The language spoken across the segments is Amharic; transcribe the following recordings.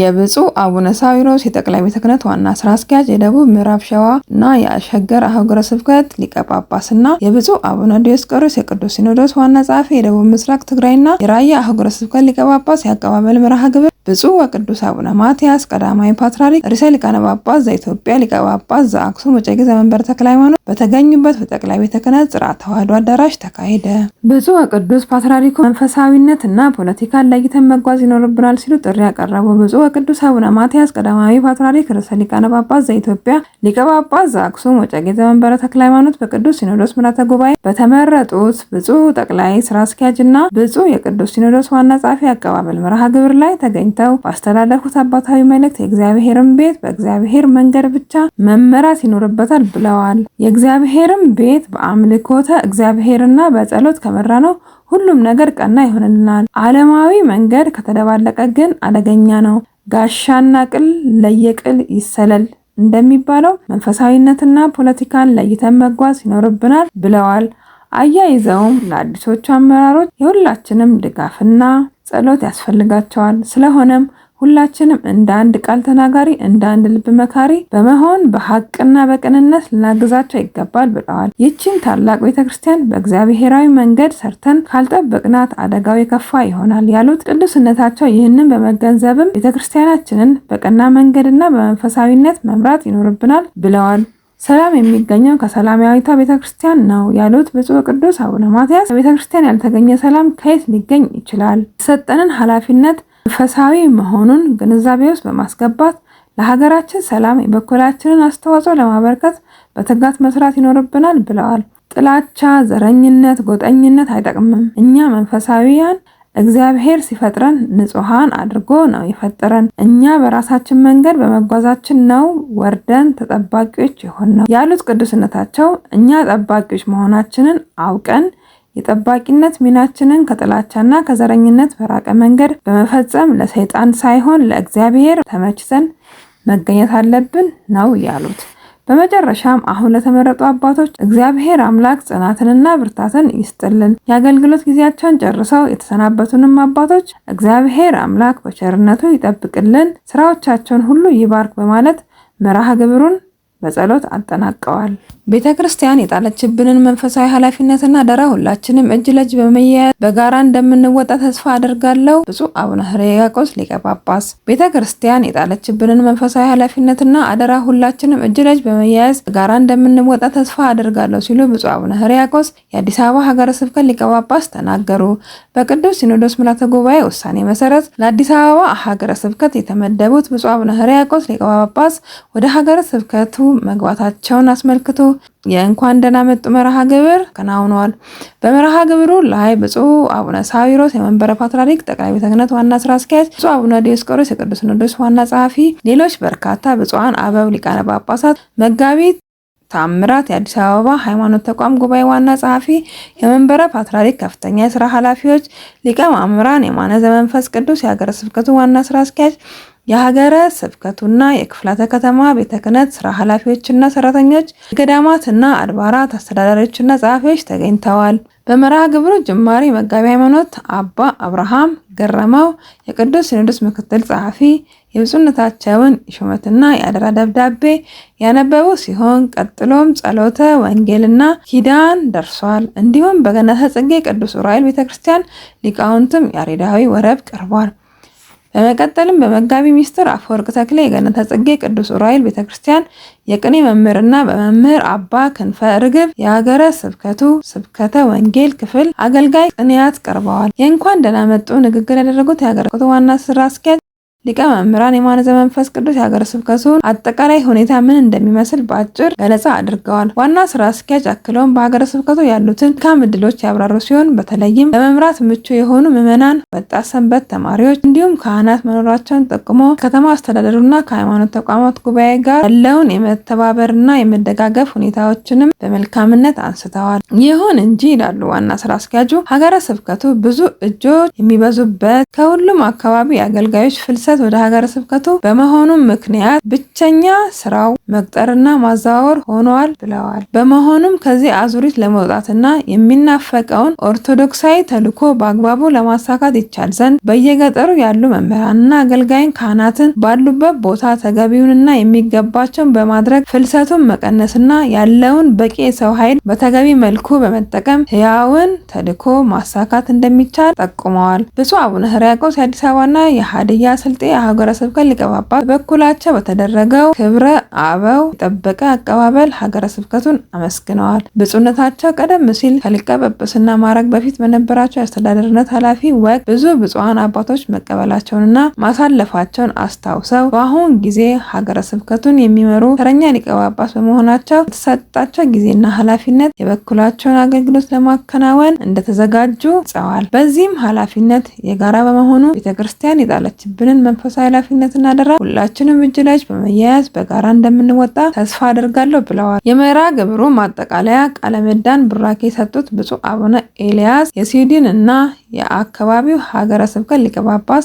የብፁዕ አቡነ ሳዊሮስ የጠቅላይ ቤተ ክህነት ዋና ስራ አስኪያጅ፣ የደቡብ ምዕራብ ሸዋ እና የአሸገር አህጉረ ስብከት ሊቀ ጳጳስ እና የብፁዕ አቡነ ዲዮስቆሮስ የቅዱስ ሲኖዶስ ዋና ጸሐፊ፣ የደቡብ ምስራቅ ትግራይና የራያ አህጉረ ስብከት ሊቀ ጳጳስ፣ የአቀባበል መርሃ ግብር ብፁዕ ወቅዱስ አቡነ ማትያስ ቀዳማዊ ፓትርያርክ ርዕሰ ሊቃነ ጳጳስ ዘኢትዮጵያ ሊቀ ጳጳስ ዘአክሱም ወዕጨጌ ዘመንበረ ተክለ ሃይማኖት በተገኙበት በጠቅላይ ቤተ ክህነት ጽርሐ ተዋሕዶ አዳራሽ ተካሄደ። ብፁዕ ወቅዱስ ፓትርያርኩ መንፈሳዊነት እና ፖለቲካን ለይተን መጓዝ ይኖርብናል ሲሉ ጥሪ ያቀረቡ ብፁዕ በቅዱስ አቡነ ማትያስ ቀዳማዊ ፓትርያርክ ርዕሰ ሊቃነ ጳጳስ ዘኢትዮጵያ ሊቀ ጳጳስ ዘአክሱም ወዕጨጌ ዘመንበረ ተክለ ሃይማኖት በቅዱስ ሲኖዶስ ምልዓተ ጉባኤ በተመረጡት ብፁዕ ጠቅላይ ስራ አስኪያጅ እና ብፁዕ የቅዱስ ሲኖዶስ ዋና ጸሐፊ አቀባበል መርሃ ግብር ላይ ተገኝተው ባስተላለፉት አባታዊ መልእክት የእግዚአብሔርን ቤት በእግዚአብሔር መንገድ ብቻ መመራት ይኖርበታል ብለዋል። የእግዚአብሔርን ቤት በአምልኮተ እግዚአብሔርና በጸሎት ከመራ ነው ሁሉም ነገር ቀና ይሆንልናል። ዓለማዊ መንገድ ከተደባለቀ ግን አደገኛ ነው። ጋሻና ቅል ለየቅል ይሰለል እንደሚባለው መንፈሳዊነትና ፖለቲካን ለይተን መጓዝ ይኖርብናል ብለዋል። አያይዘውም ለአዲሶቹ አመራሮች የሁላችንም ድጋፍና ጸሎት ያስፈልጋቸዋል። ስለሆነም ሁላችንም እንደ አንድ ቃል ተናጋሪ እንደ አንድ ልብ መካሪ በመሆን በሀቅና በቅንነት ልናግዛቸው ይገባል ብለዋል። ይህችን ታላቅ ቤተ ክርስቲያን በእግዚአብሔራዊ መንገድ ሰርተን ካልጠበቅናት አደጋው የከፋ ይሆናል ያሉት ቅዱስነታቸው ይህንን በመገንዘብም ቤተ ክርስቲያናችንን በቀና መንገድና በመንፈሳዊነት መምራት ይኖርብናል ብለዋል። ሰላም የሚገኘው ከሰላማዊቷ ቤተ ክርስቲያን ነው ያሉት ብፁዕ ቅዱስ አቡነ ማትያስ፣ በቤተ ክርስቲያን ያልተገኘ ሰላም ከየት ሊገኝ ይችላል? የተሰጠንን ኃላፊነት መንፈሳዊ መሆኑን ግንዛቤ ውስጥ በማስገባት ለሀገራችን ሰላም የበኩላችንን አስተዋጽኦ ለማበርከት በትጋት መስራት ይኖርብናል ብለዋል። ጥላቻ፣ ዘረኝነት፣ ጎጠኝነት አይጠቅምም። እኛ መንፈሳዊያን እግዚአብሔር ሲፈጥረን ንጹሐን አድርጎ ነው የፈጠረን። እኛ በራሳችን መንገድ በመጓዛችን ነው ወርደን ተጠባቂዎች የሆን ነው ያሉት ቅዱስነታቸው እኛ ጠባቂዎች መሆናችንን አውቀን የጠባቂነት ሚናችንን ከጥላቻና ከዘረኝነት በራቀ መንገድ በመፈጸም ለሰይጣን ሳይሆን ለእግዚአብሔር ተመችተን መገኘት አለብን ነው ያሉት። በመጨረሻም አሁን ለተመረጡ አባቶች እግዚአብሔር አምላክ ጽናትንና ብርታትን ይስጥልን። የአገልግሎት ጊዜያቸውን ጨርሰው የተሰናበቱንም አባቶች እግዚአብሔር አምላክ በቸርነቱ ይጠብቅልን፣ ስራዎቻቸውን ሁሉ ይባርክ በማለት መርሃ ግብሩን በጸሎት አጠናቀዋል። ቤተ ክርስቲያን የጣለችብንን መንፈሳዊ ኃላፊነትና አደራ ሁላችንም እጅ ለእጅ በመያያዝ በጋራ እንደምንወጣ ተስፋ አድርጋለሁ። ብፁዕ አቡነ ሕርየ ሊቀ ጳጳስ። ቤተ ክርስቲያን የጣለችብንን መንፈሳዊ ኃላፊነትና አደራ ሁላችንም እጅ ለእጅ በመያያዝ በጋራ እንደምንወጣ ተስፋ አድርጋለሁ ሲሉ ብፁዕ አቡነ ሕርየ የአዲስ አበባ ሀገረ ስብከት ሊቀ ጳጳስ ተናገሩ። በቅዱስ ሲኖዶስ ምልዓተ ጉባኤ ውሳኔ መሰረት ለአዲስ አበባ ሀገረ ስብከት የተመደቡት ብፁዕ አቡነ ሕርየ ሊቀ ጳጳስ ወደ ሀገረ ስብከቱ መግባታቸውን አስመልክቶ የእንኳን ደህና መጡ መርሃ ግብር ከናውኗል። በመርሃ ግብሩ ላይ ብፁዕ አቡነ ሳዊሮስ የመንበረ ፓትርያርክ ጠቅላይ ቤተ ክህነት ዋና ስራ አስኪያጅ፣ ብፁዕ አቡነ ዲዮስቆሮስ የቅዱስ ሲኖዶስ ዋና ጸሐፊ፣ ሌሎች በርካታ ብፁዓን አበው ሊቃነ ጳጳሳት፣ መጋቢት ታምራት የአዲስ አበባ ሃይማኖት ተቋም ጉባኤ ዋና ጸሐፊ፣ የመንበረ ፓትርያርክ ከፍተኛ የስራ ኃላፊዎች፣ ሊቀ ማእምራን የማነ ዘመንፈስ ቅዱስ የሀገረ ስብከቱ ዋና ስራ አስኪያጅ የሀገረ ስብከቱና የክፍላተ ከተማ ቤተ ክህነት ስራ ኃላፊዎችና ሰራተኞች፣ የገዳማትና አድባራት አስተዳዳሪዎችና ጸሐፊዎች ተገኝተዋል። በመርሃ ግብሩ ጅማሬ መጋቢ ሃይማኖት አባ አብርሃም ገረመው የቅዱስ ሲኖዶስ ምክትል ጸሐፊ የብፁዕነታቸውን ሹመትና የአደራ ደብዳቤ ያነበቡ ሲሆን ቀጥሎም ጸሎተ ወንጌልና ኪዳን ደርሷል። እንዲሁም በገነተ ጽጌ ቅዱስ ዑራኤል ቤተክርስቲያን ሊቃውንትም ያሬዳዊ ወረብ ቀርቧል። በመቀጠልም በመጋቢ ሚስጥር አፈወርቅ ተክሌ የገነተ ጽጌ ቅዱስ ዑራኤል ቤተክርስቲያን የቅኔ መምህርና በመምህር አባ ክንፈ ርግብ የሀገረ ስብከቱ ስብከተ ወንጌል ክፍል አገልጋይ ቅንያት ቀርበዋል። የእንኳን ደህና መጡ ንግግር ያደረጉት የሀገረ ስብከቱ ዋና ስራ አስኪያጅ ሊቀ መምህራን የማነ ዘመንፈስ ቅዱስ የሀገረ ስብከቱን አጠቃላይ ሁኔታ ምን እንደሚመስል በአጭር ገለጻ አድርገዋል። ዋና ስራ አስኪያጅ አክለውም በሀገረ ስብከቱ ያሉትን ካም እድሎች ያብራሩ ሲሆን በተለይም ለመምራት ምቹ የሆኑ ምዕመናን፣ ወጣት ሰንበት ተማሪዎች እንዲሁም ካህናት መኖራቸውን ጠቁሞ ከተማ አስተዳደሩና ከሃይማኖት ተቋማት ጉባኤ ጋር ያለውን የመተባበርና የመደጋገፍ ሁኔታዎችንም በመልካምነት አንስተዋል። ይሁን እንጂ ይላሉ ዋና ስራ አስኪያጁ ሀገረ ስብከቱ ብዙ እጆች የሚበዙበት ከሁሉም አካባቢ የአገልጋዮች ፍልሰት ስብከት ወደ ሀገረ ስብከቱ በመሆኑም ምክንያት ብቸኛ ስራው መቅጠርና ማዘዋወር ሆኗል ብለዋል። በመሆኑም ከዚህ አዙሪት ለመውጣትና የሚናፈቀውን ኦርቶዶክሳዊ ተልዕኮ በአግባቡ ለማሳካት ይቻል ዘንድ በየገጠሩ ያሉ መምህራንና አገልጋይን ካህናትን ባሉበት ቦታ ተገቢውንና የሚገባቸውን በማድረግ ፍልሰቱን መቀነስና ያለውን በቂ የሰው ኃይል በተገቢ መልኩ በመጠቀም ህያውን ተልዕኮ ማሳካት እንደሚቻል ጠቁመዋል። ብፁዕ አቡነ ሕርያቆስ የአዲስ አበባና የሀዲያ ስልጤ ሀገረ ስብከት ሊቀ ጳጳስ በበኩላቸው በተደረገው ክብረ አበው የጠበቀ አቀባበል ሀገረ ስብከቱን አመስግነዋል። ብፁዕነታቸው ቀደም ሲል ከሊቀ ጵጵስና ማዕረግ በፊት በነበራቸው የአስተዳደርነት ኃላፊ ወቅት ብዙ ብፁዓን አባቶች መቀበላቸውንና ማሳለፋቸውን አስታውሰው በአሁን ጊዜ ሀገረ ስብከቱን የሚመሩ ተረኛ ሊቀ ጳጳስ በመሆናቸው የተሰጣቸው ጊዜና ኃላፊነት የበኩላቸውን አገልግሎት ለማከናወን እንደተዘጋጁ ጸዋል። በዚህም ኃላፊነት የጋራ በመሆኑ ቤተክርስቲያን የጣለችብንን መንፈሳዊ ኃላፊነትና እናደራ ሁላችንም እጅ ለእጅ በመያያዝ በጋራ እንደምንወጣ ተስፋ አድርጋለሁ ብለዋል። የመራ ግብሩ ማጠቃለያ ቃለ ምዕዳን ቡራኬ የሰጡት ብፁዕ አቡነ ኤልያስ የስዊድን እና የአካባቢው ሀገረ ስብከት ሊቀ ጳጳስ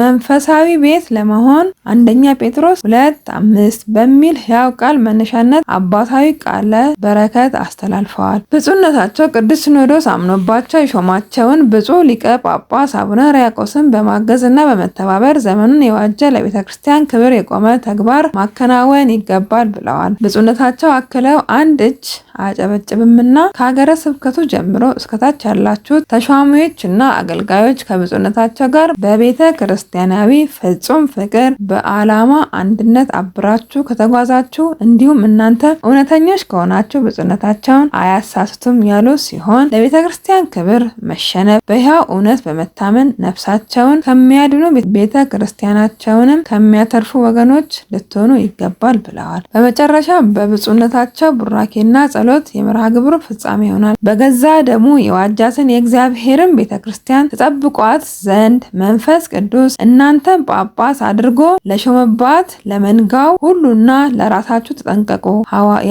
መንፈሳዊ ቤት ለመሆን አንደኛ ጴጥሮስ ሁለት አምስት በሚል ሕያው ቃል መነሻነት አባታዊ ቃለ በረከት አስተላልፈዋል። ብፁዕነታቸው ቅዱስ ሲኖዶስ አምኖባቸው የሾማቸውን ብፁዕ ሊቀ ጳጳስ አቡነ ሪያቆስን በማገዝ እና በመተባበር ዘመኑን የዋጀ ለቤተ ክርስቲያን ክብር የቆመ ተግባር ማከናወን ይገባል ብለዋል። ብፁዕነታቸው አክለው አንድ እጅ አያጨበጭብምና ከሀገረ ስብከቱ ጀምሮ እስከታች ያላችሁት ተሿሚዎችና አገልጋዮች ከብፁዕነታቸው ጋር በቤተ ክርስቲያናዊ ፍጹም ፍቅር በዓላማ አንድነት አብራችሁ ከተጓዛችሁ እንዲሁም እናንተ እውነተኞች ከሆናችሁ ብፁዕነታቸውን አያሳስቱም ያሉ ሲሆን ለቤተ ክርስቲያን ክብር መሸነፍ በሕያው እውነት በመታመን ነፍሳቸውን ከሚያድኑ ቤተ ክርስቲያናቸውንም ከሚያተርፉ ወገኖች ልትሆኑ ይገባል ብለዋል። በመጨረሻ በብፁዕነታቸው ቡራኬና ጸሎት የመርሃ ግብሩ ፍጻሜ ይሆናል። በገዛ ደሙ የዋጃትን የእግዚአብሔርን ቤተ ክርስቲያን ተጠብቋት ዘንድ መንፈስ ቅዱስ እናንተን ጳጳስ አድርጎ ለሾመባት ለመንጋው ሁሉና ለራሳችሁ ተጠንቀቁ።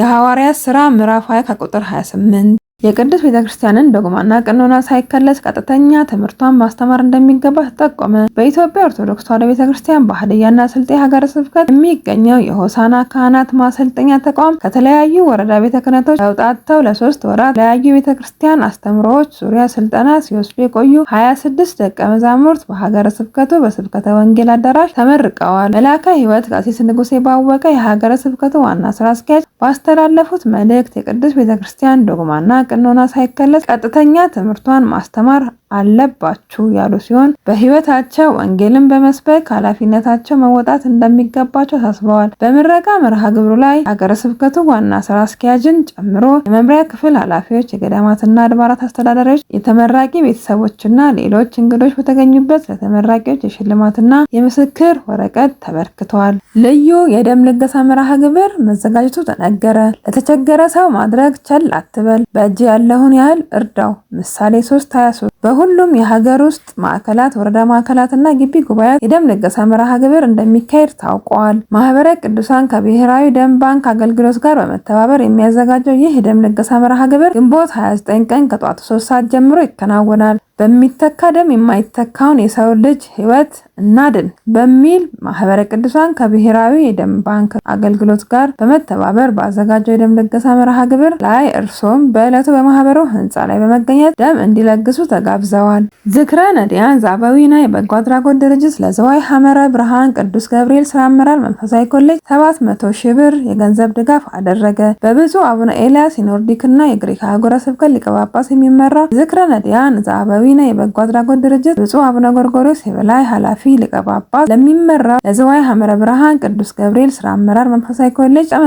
የሐዋርያት ሥራ ምዕራፍ 20 ከቁጥር 28 የቅድስት ቤተክርስቲያንን ዶግማና ቀኖና ሳይከለስ ቀጥተኛ ትምህርቷን ማስተማር እንደሚገባ ተጠቆመ። በኢትዮጵያ ኦርቶዶክስ ተዋሕዶ ቤተክርስቲያን ባህልያና ስልጤ ሀገረ ስብከት የሚገኘው የሆሳና ካህናት ማሰልጠኛ ተቋም ከተለያዩ ወረዳ ቤተ ክህነቶች ተውጣጥተው ለሶስት ወራት የተለያዩ ቤተ ክርስቲያን አስተምሮዎች ዙሪያ ስልጠና ሲወስዱ የቆዩ 26 ደቀ መዛሙርት በሀገረ ስብከቱ በስብከተ ወንጌል አዳራሽ ተመርቀዋል። መላከ ሕይወት ቀሲስ ንጉሴ ባወቀ የሀገረ ስብከቱ ዋና ስራ አስኪያጅ ባስተላለፉት መልእክት የቅድስት ቤተክርስቲያን ዶግማና ቅኖና ሳይከለስ ቀጥተኛ ትምህርቷን ማስተማር አለባችሁ ያሉ ሲሆን በህይወታቸው ወንጌልን በመስበክ ኃላፊነታቸው መወጣት እንደሚገባቸው አሳስበዋል። በምረቃ መርሃ ግብሩ ላይ ሀገረ ስብከቱ ዋና ስራ አስኪያጅን ጨምሮ የመምሪያ ክፍል ኃላፊዎች፣ የገዳማትና አድባራት አስተዳዳሪዎች፣ የተመራቂ ቤተሰቦችና ሌሎች እንግዶች በተገኙበት ለተመራቂዎች የሽልማትና የምስክር ወረቀት ተበርክተዋል። ልዩ የደም ልገሳ መርሃ ግብር መዘጋጀቱ ተነገረ። ለተቸገረ ሰው ማድረግ ቸል አትበል፣ በእጅ ያለውን ያህል እርዳው ምሳሌ 3 23 በሁሉም የሀገር ውስጥ ማዕከላት፣ ወረዳ ማዕከላት እና ግቢ ጉባኤያት የደም ልገሳ መርሃ ግብር እንደሚካሄድ ታውቋል። ማህበረ ቅዱሳን ከብሔራዊ ደም ባንክ አገልግሎት ጋር በመተባበር የሚያዘጋጀው ይህ የደም ልገሳ መርሃ ግብር ግንቦት 29 ቀን ከጧቱ 3 ሰዓት ጀምሮ ይከናወናል። በሚተካ ደም የማይተካውን የሰው ልጅ ህይወት እናድን በሚል ማህበረ ቅዱሳን ከብሔራዊ የደም ባንክ አገልግሎት ጋር በመተባበር በአዘጋጀው የደም ልገሳ መርሃ ግብር ላይ እርሶም በዕለቱ በማህበሩ ህንፃ ላይ በመገኘት ደም እንዲለግሱ ተጋ ጋብዘዋል። ዝክረ ነዲያን ዛባዊና የበጎ አድራጎት ድርጅት ለዘዋይ ሐመረ ብርሃን ቅዱስ ገብርኤል ስራ አመራር መንፈሳዊ ኮሌጅ 700 ሺህ ብር የገንዘብ ድጋፍ አደረገ። በብፁዕ አቡነ ኤልያስ የኖርዲክና የግሪክ አህጉረ ስብከት ሊቀ ጳጳስ የሚመራ ዝክረ ነዲያን ዛባዊና የበጎ አድራጎት ድርጅት ብፁዕ አቡነ ጎርጎሪዎስ የበላይ ኃላፊ ሊቀ ጳጳስ ለሚመራው ለዘዋይ ሐመረ ብርሃን ቅዱስ ገብርኤል ስራ አመራር መንፈሳዊ ኮሌጅ ደቀ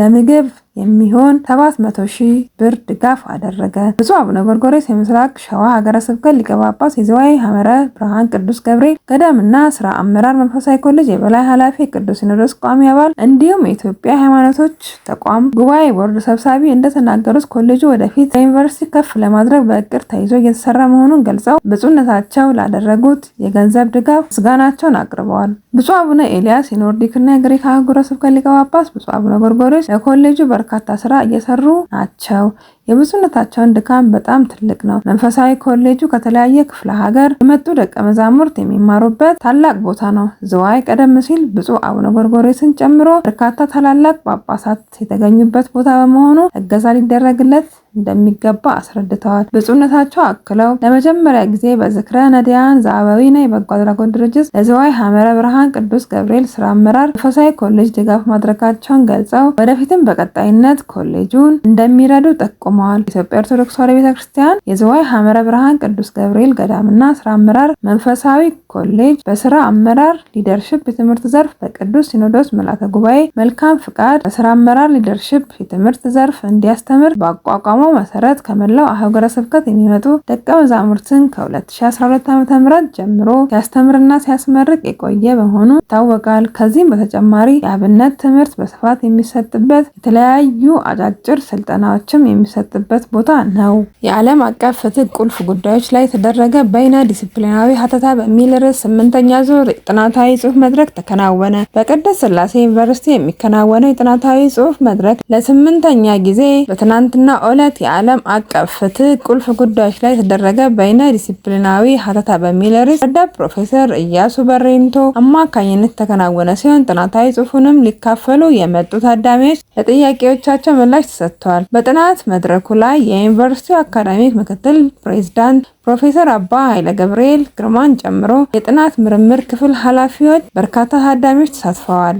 ለምግብ የሚሆን 700 ሺህ ብር ድጋፍ አደረገ። ብፁዕ አቡነ ጎርጎሬስ የምስራቅ ሸዋ ሀገረ ስብከት ሊቀ ጳጳስ፣ የዝዋይ ሐመረ ብርሃን ቅዱስ ገብርኤል ገዳምና ስራ አመራር መንፈሳዊ ኮሌጅ የበላይ ኃላፊ፣ ቅዱስ ሲኖዶስ ቋሚ አባል እንዲሁም የኢትዮጵያ ሃይማኖቶች ተቋም ጉባኤ ቦርድ ሰብሳቢ እንደተናገሩት ኮሌጁ ወደፊት ለዩኒቨርሲቲ ከፍ ለማድረግ በእቅድ ተይዞ እየተሰራ መሆኑን ገልጸው ብፁዕነታቸው ላደረጉት የገንዘብ ድጋፍ ምስጋናቸውን አቅርበዋል። ብፁዕ አቡነ ኤልያስ የኖርዲክና የግሪክ አህጉረ ስብከት ሊቀ ጳጳስ፣ ብፁዕ አቡነ ጎርጎርዮስ ለኮሌጁ በርካ በርካታ ስራ እየሰሩ ናቸው። የብፁዕነታቸውን ድካም በጣም ትልቅ ነው። መንፈሳዊ ኮሌጁ ከተለያየ ክፍለ ሀገር የመጡ ደቀ መዛሙርት የሚማሩበት ታላቅ ቦታ ነው። ዝዋይ ቀደም ሲል ብፁዕ አቡነ ጎርጎሬስን ጨምሮ በርካታ ታላላቅ ጳጳሳት የተገኙበት ቦታ በመሆኑ እገዛ ሊደረግለት እንደሚገባ አስረድተዋል። ብፁዕነታቸው አክለው ለመጀመሪያ ጊዜ በዝክረ ነዳያን ዛዕበዊና የበጎ አድራጎት ድርጅት ለዝዋይ ሐመረ ብርሃን ቅዱስ ገብርኤል ስራ አመራር መንፈሳዊ ኮሌጅ ድጋፍ ማድረጋቸውን ገልጸው ወደፊትም በቀጣይነት ኮሌጁን እንደሚረዱ ጠቁመዋል። ቆመዋል። ኢትዮጵያ ኦርቶዶክስ ተዋሕዶ ቤተክርስቲያን የዝዋይ ሐመረ ብርሃን ቅዱስ ገብርኤል ገዳምና ስራ አመራር መንፈሳዊ ኮሌጅ በስራ አመራር ሊደርሽፕ የትምህርት ዘርፍ በቅዱስ ሲኖዶስ ምልዓተ ጉባኤ መልካም ፍቃድ በስራ አመራር ሊደርሽፕ የትምህርት ዘርፍ እንዲያስተምር በአቋቋመው መሰረት ከመላው አህጉረ ስብከት የሚመጡ ደቀ መዛሙርትን ከ2012 ም ጀምሮ ሲያስተምርና ሲያስመርቅ የቆየ በመሆኑ ይታወቃል። ከዚህም በተጨማሪ የአብነት ትምህርት በስፋት የሚሰጥበት የተለያዩ አጫጭር ስልጠናዎችም የሚሰጥበት ቦታ ነው። የዓለም አቀፍ ፍትህ ቁልፍ ጉዳዮች ላይ የተደረገ በይነ ዲስፕሊናዊ ሀተታ በሚል ሜትር ስምንተኛ ዙር የጥናታዊ ጽሑፍ መድረክ ተከናወነ። በቅድስት ሥላሴ ዩኒቨርሲቲ የሚከናወነው የጥናታዊ ጽሑፍ መድረክ ለስምንተኛ ጊዜ በትናንትና ዕለት የዓለም አቀፍ ፍትህ ቁልፍ ጉዳዮች ላይ የተደረገ በይነ ዲሲፕሊናዊ ሀተታ በሚል ርዕስ ረዳት ፕሮፌሰር እያሱ በሬንቶ አማካኝነት የተከናወነ ሲሆን ጥናታዊ ጽሑፉንም ሊካፈሉ የመጡ ታዳሚዎች ለጥያቄዎቻቸው ምላሽ ተሰጥተዋል። በጥናት መድረኩ ላይ የዩኒቨርሲቲው አካዳሚክ ምክትል ፕሬዚዳንት ፕሮፌሰር አባ ኃይለ ገብርኤል ግርማን ጨምሮ የጥናት ምርምር ክፍል ኃላፊዎች፣ በርካታ ታዳሚዎች ተሳትፈዋል።